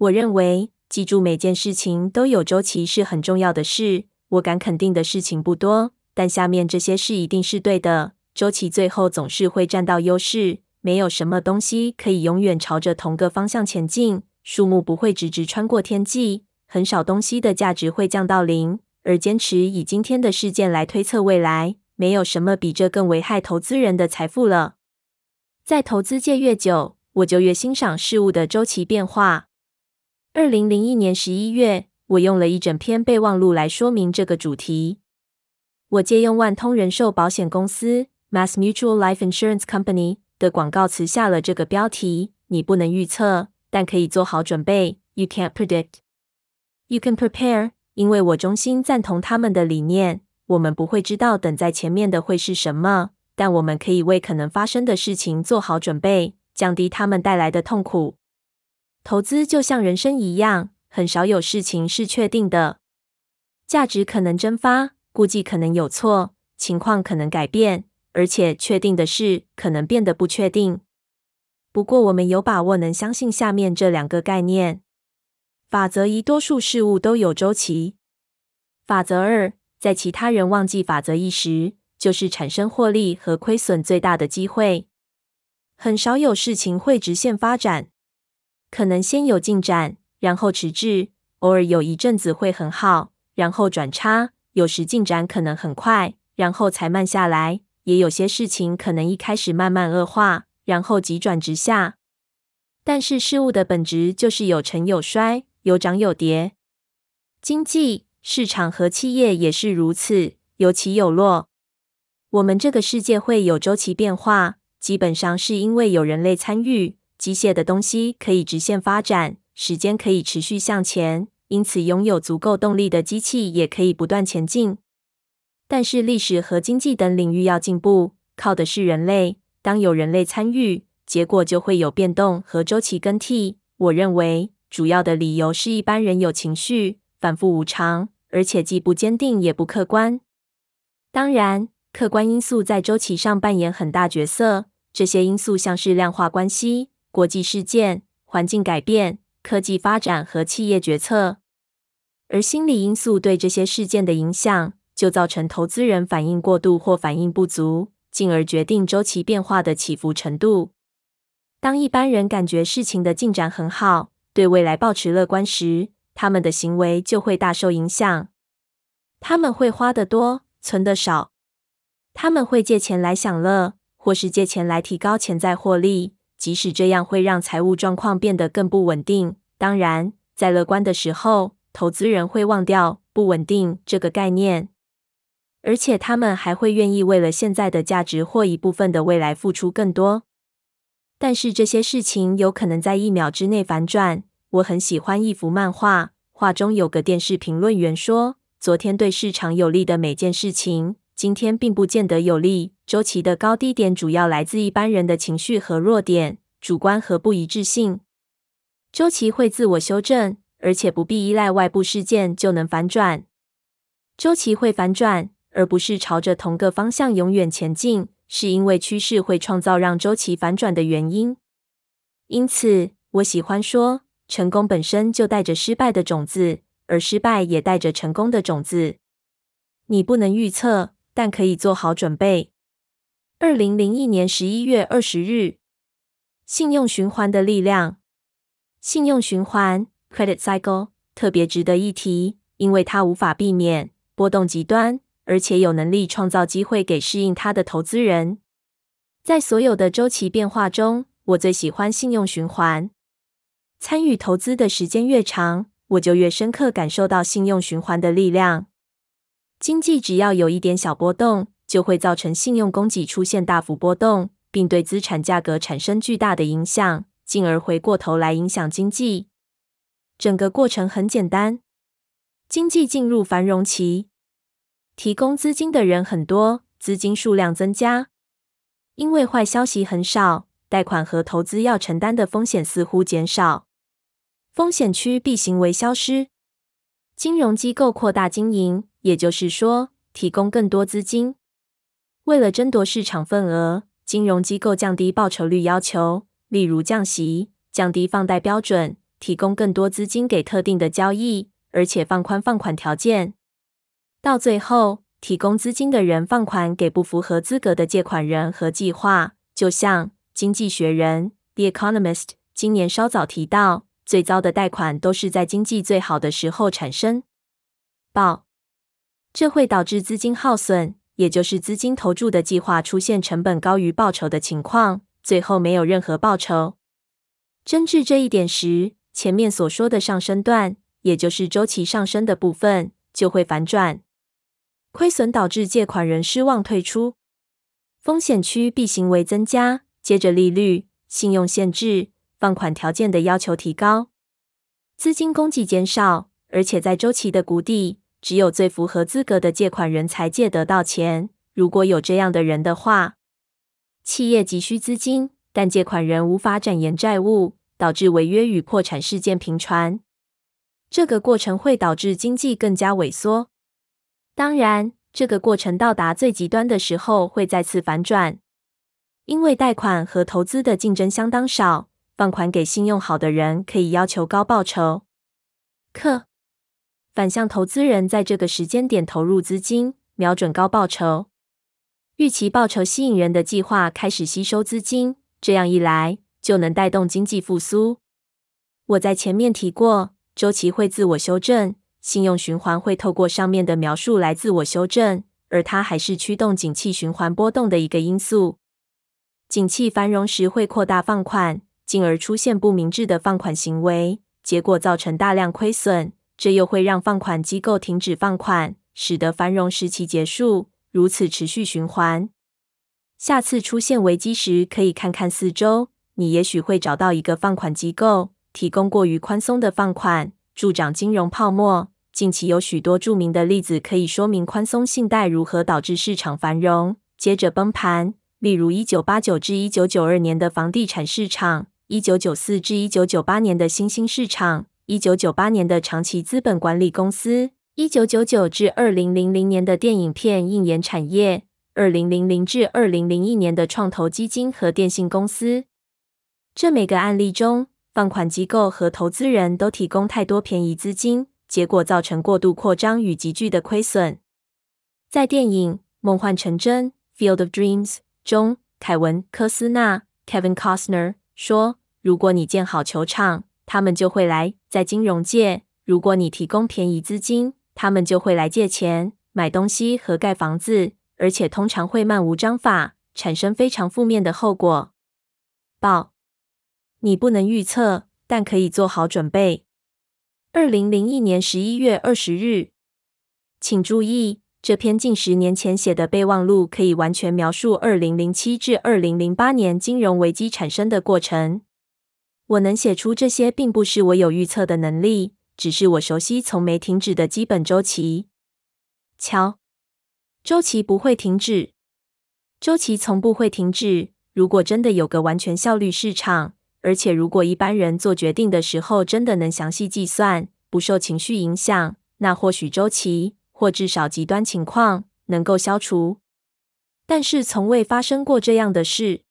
我認為記住每件事情都有周期是很重要的事。我敢肯定的事情不多，但下面這些事一定是對的：周期最後總是會占到優勢，沒有什麼東西可以永遠朝着同個方向前進。樹木不會直直穿過天際，很少東西的價值會降到零。而堅持以今天的事件來推測未來，沒有什麼比這更危害投資人的財富了。在投資界越久，我就越欣賞事物的周期變化。二零零一年十一月，我用了一整篇備忘錄來說明這個主題。我借用萬通人壽保險公司 （Mass Mutual Life Insurance Company） 的廣告詞下了這個標題：“你不能預測，但可以做好準備。” You can't predict, you can prepare。因為我衷心贊同他們的理念：我們不會知道等在前面的會是什麼，但我們可以為可能發生的事情做好準備，降低他們帶來的痛苦。投資就像人生一樣，很少有事情是確定的，價值可能蒸發，估計可能有錯，情況可能改變，而且確定的事可能變得不確定。不過，我們有把握能相信下面這兩個概念：法則一，多數事物都有周期；法則二，在其他人忘記法則一時，就是產生獲利和虧損最大的機會。很少有事情會直線發展。可能先有進展，然後遲滯，偶爾有一陣子會很好，然後轉差。有時進展可能很快，然後才慢下來。也有些事情可能一開始慢慢惡化，然後急轉直下。但是事物的本質就是有盛有衰，有漲有跌。經濟市場和企業也是如此，有起有落。我們這個世界會有周期變化，基本上是因為有人類參與。機械的東西可以直線發展，時間可以持續向前，因此擁有足夠動力的機器也可以不斷前進。但是歷史和經濟等領域要進步，靠的是人類。當有人類參與，結果就會有變動和周期更替。我認為主要的理由是一般人有情緒，反覆無常，而且既不堅定也不客觀。當然，客觀因素在周期上扮演很大角色，這些因素像是量化關係。國際事件、環境改變、科技發展和企業決策，而心理因素對這些事件的影響，就造成投資人反應過度或反應不足，進而決定周期變化的起伏程度。當一般人感覺事情的進展很好，對未來保持樂觀時，他們的行為就會大受影響。他們會花得多，存得少；他們會借錢來享樂，或是借錢來提高潛在獲利。即使這樣會讓財務狀況變得更不穩定，當然，在樂觀的時候，投資人會忘掉不穩定這個概念，而且他們還會願意為了現在的價值或一部分的未來付出更多。但是這些事情有可能在一秒之內反轉。我很喜歡一幅漫畫，畫中有個電視評論員說：“昨天對市場有利的每件事情……”今天並不見得有利。週期的高低點主要來自一般人的情緒和弱點、主觀和不一致性。週期會自我修正，而且不必依賴外部事件就能反轉。週期會反轉，而不是朝着同個方向永遠前進，是因為趨勢會創造讓週期反轉的原因。因此，我喜歡說：成功本身就帶着失敗的種子，而失敗也帶着成功的種子。你不能預測。但可以做好準備。二零零一年十一月二十日，信用循環的力量，信用循環 （credit cycle） 特別值得一提，因為它無法避免波動極端，而且有能力創造機會給適應它的投資人。在所有的週期變化中，我最喜歡信用循環。參與投資的時間越長，我就越深刻感受到信用循環的力量。經濟只要有一點小波動，就會造成信用供給出現大幅波動，並對資產價格產生巨大的影響，進而回過頭來影響經濟。整個過程很簡單：經濟進入繁榮期，提供資金的人很多，資金數量增加。因為壞消息很少，貸款和投資要承擔的風險似乎減少，風險趨避行為消失，金融機構擴大經營。也就是說，提供更多資金，為了爭奪市場份額，金融機構降低報酬率要求，例如降息、降低放貸標準，提供更多資金給特定的交易，而且放寬放款條件。到最後，提供資金的人放款給不符合資格的借款人和計劃，就像《經濟學人》（The Economist） 今年稍早提到，最糟的貸款都是在經濟最好的時候產生報。這會導致資金耗損，也就是資金投注的計劃出現成本高於報酬的情況，最後沒有任何報酬。臻至這一點時，前面所說的上升段，也就是週期上升的部分，就會反轉，虧損導致借款人失望退出，風險趨避行為增加，接着利率、信用限制、放款條件的要求提高，資金供給減少，而且在週期的谷底。只有最符合資格的借款人才借得到錢。如果有這樣的人的話，企業急需資金，但借款人無法展延債務，導致違約與破產事件頻傳。這個過程會導致經濟更加萎縮。當然，這個過程到達最極端的時候會再次反轉，因為貸款和投資的競爭相當少，放款給信用好的人可以要求高報酬。反向投資人在這個時間點投入資金，瞄準高報酬，預期報酬吸引人的計劃開始吸收資金，這樣一來，就能帶動經濟復甦。我在前面提過，週期會自我修正，信用循環會透過上面的描述來自我修正，而它還是驅動景氣循環波動的一個因素。景氣繁榮時會擴大放款，進而出現不明智的放款行為，結果造成大量虧損。這又會讓放款機構停止放款，使得繁榮時期結束，如此持續循環。下次出現危機時，可以看看四周，你也許會找到一個放款機構，提供過於寬鬆的放款，助長金融泡沫。近期有許多著名的例子可以說明寬鬆信貸如何導致市場繁榮，接着崩盤。例如一九八九至一九九二年的房地產市場，一九九四至一九九八年的新興市場。一九九八年的長期資本管理公司，一九九九至二零零零年的電影片映演產業，二零零零至二零零一年的創投基金和電信公司。這每個案例中，放款機構和投資人都提供太多便宜資金，結果造成過度擴張與急劇的虧損。在電影《夢幻成真》（Field of Dreams） 中，凱文·科斯納 （Kevin Costner） 說：“如果你建好球場，他們就會來。”在金融界，如果你提供便宜資金，他們就會來借錢買東西和蓋房子，而且通常會漫無章法，產生非常負面的後果。報，你不能預測，但可以做好準備。二零零一年十一月二十日，請注意，這篇近十年前寫的備忘錄可以完全描述二零零七至二零零八年金融危機產生的過程。我能寫出這些，並不是我有預測的能力，只是我熟悉從沒停止的基本週期。瞧，週期不會停止，週期從不會停止。如果真的有個完全效率市場，而且如果一般人做決定的時候真的能詳細計算，不受情緒影響，那或許週期或至少極端情況能夠消除。但是，從未發生過這樣的事。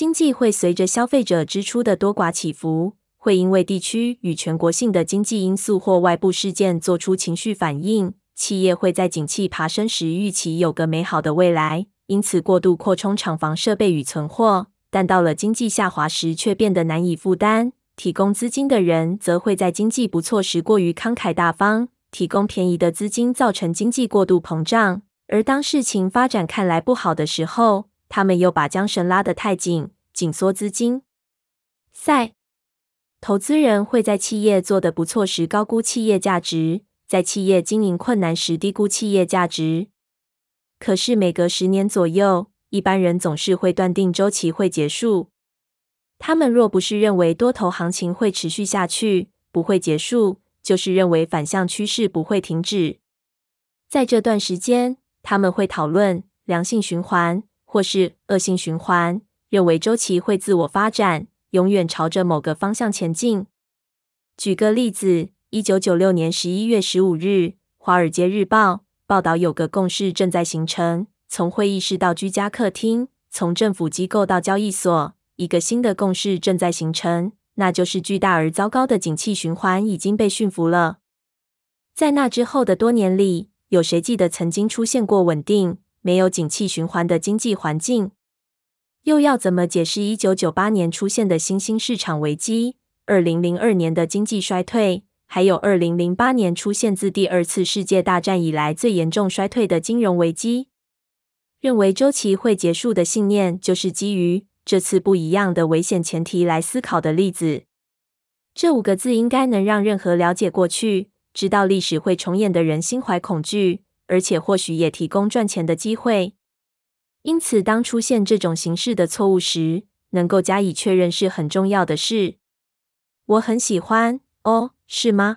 經濟會隨着消費者支出的多寡起伏，會因為地區與全國性的經濟因素或外部事件做出情緒反應。企業會在景氣爬升時預期有個美好的未來，因此過度擴充廠房、設備與存貨；但到了經濟下滑時，卻變得難以負擔。提供資金的人則會在經濟不錯時過於慷慨大方，提供便宜的資金，造成經濟過度膨脹。而當事情發展看來不好的時候，他們又把韁繩拉得太緊，緊縮資金。賽，投資人會在企業做得不錯時高估企業價值，在企業經營困難時低估企業價值。可是每隔十年左右，一般人總是會斷定週期會結束。他們若不是認為多頭行情會持續下去，不會結束，就是認為反向趨勢不會停止。在這段時間，他們會討論良性循環。或是惡性循環，認為週期會自我發展，永遠朝着某個方向前進。舉個例子，一九九六年十一月十五日，《華爾街日報》報道有個共識正在形成：從會議室到居家客廳，從政府機構到交易所，一個新的共識正在形成，那就是巨大而糟糕的景氣循環已經被馴服了。在那之後的多年裡，有誰記得曾經出現過穩定？沒有景氣循環的經濟環境，又要怎麼解釋一九九八年出現的新興市場危機、二零零二年的經濟衰退，還有二零零八年出現自第二次世界大戰以來最嚴重衰退的金融危機？認為週期會結束的信念，就是基於這次不一樣的危險前提來思考的例子。這五個字應該能讓任何了解過去、知道歷史會重演的人心懷恐懼。而且或許也提供賺錢的機會，因此當出現這種形式的錯誤時，能夠加以確認是很重要的事。我很喜歡哦，是嗎？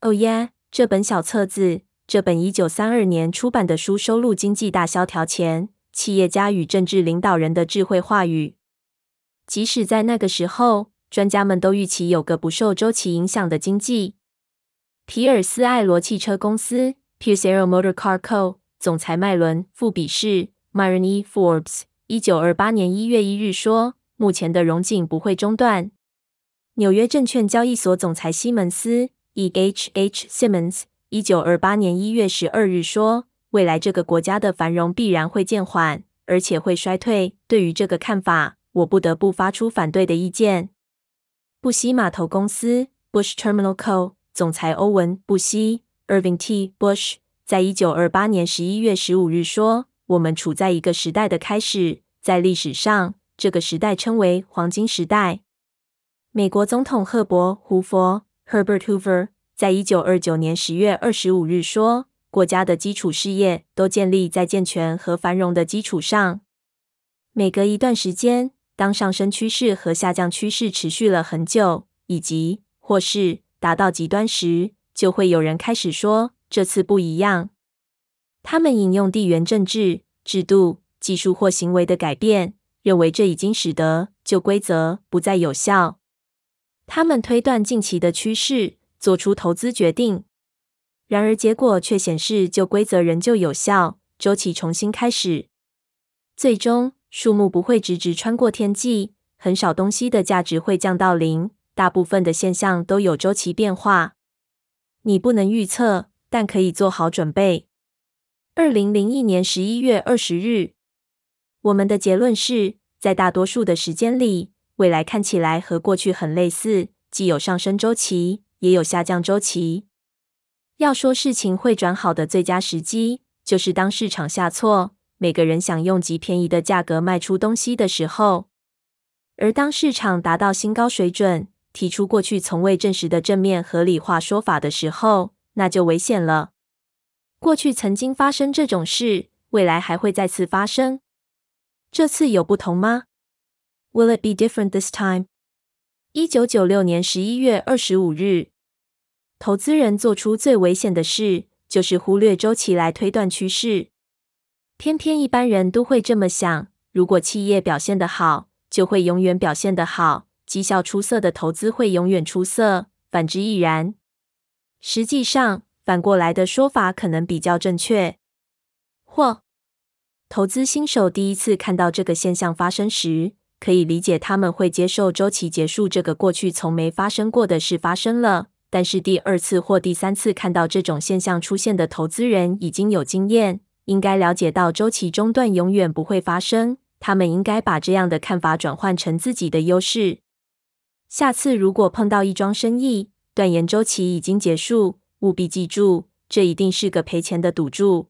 哦耶！這本小冊子，這本一九三二年出版的書，收錄經濟大蕭條前企業家與政治領導人的智慧話語。即使在那個時候，專家們都預期有個不受週期影響的經濟。皮爾斯·艾羅汽車公司。Pierce a r r o Motor Car Co. 總裁麥倫·富比士 m a r o n e Forbes） 一九二八年一月一日說：“目前的融進不會中斷。”紐約證券交易所總裁西門斯 （E. H. H. s i m m o n s 一九二八年一月十二日說：“未來這個國家的繁榮必然會漸緩，而且會衰退。”對於這個看法，我不得不發出反對的意見。布西碼頭公司 （Bush Terminal Co.） 總裁歐文·布西。Irving T. Bush 在一九二八年十一月十五日說：“我們處在一個時代的開始，在歷史上，這個時代稱為黃金時代。”美國總統赫伯·胡佛 （Herbert Hoover） 在一九二九年十月二十五日說：“國家的基礎事業都建立在健全和繁榮的基礎上。”每隔一段時間，當上升趨勢和下降趨勢持續了很久，以及或是達到極端時，就會有人開始說，這次不一樣。他們引用地緣政治、制度、技術或行為的改變，認為這已經使得舊規則不再有效。他們推斷近期的趨勢，做出投資決定。然而，結果卻顯示舊規則仍舊有效，周期重新開始。最終，樹木不會直直穿過天際，很少東西的價值會降到零。大部分的現象都有周期變化。你不能預測，但可以做好準備。二零零一年十一月二十日，我們的結論是，在大多數的時間裡，未來看起來和過去很類似，既有上升周期，也有下降周期。要說事情會轉好的最佳時機，就是當市場下挫，每個人想用極便宜的價格賣出東西的時候，而當市場達到新高水準。提出過去從未證實的正面合理化說法的時候，那就危險了。過去曾經發生這種事，未來還會再次發生。這次有不同嗎？Will it be different this time？一九九六年十一月二十五日，投資人做出最危險的事，就是忽略周期來推斷趨勢。偏偏一般人都會這麼想，如果企業表現得好，就會永遠表現得好。績效出色的投資會永遠出色，反之亦然。實際上，反過來的說法可能比較正確。或，投資新手第一次看到這個現象發生時，可以理解他們會接受周期結束這個過去從沒發生過的事發生了。但是，第二次或第三次看到這種現象出現的投資人已經有經驗，應該了解到周期中斷永遠不會發生。他們應該把這樣的看法轉換成自己的優勢。下次如果碰到一樁生意，斷言周期已經結束，務必記住，這一定是個賠錢的賭注。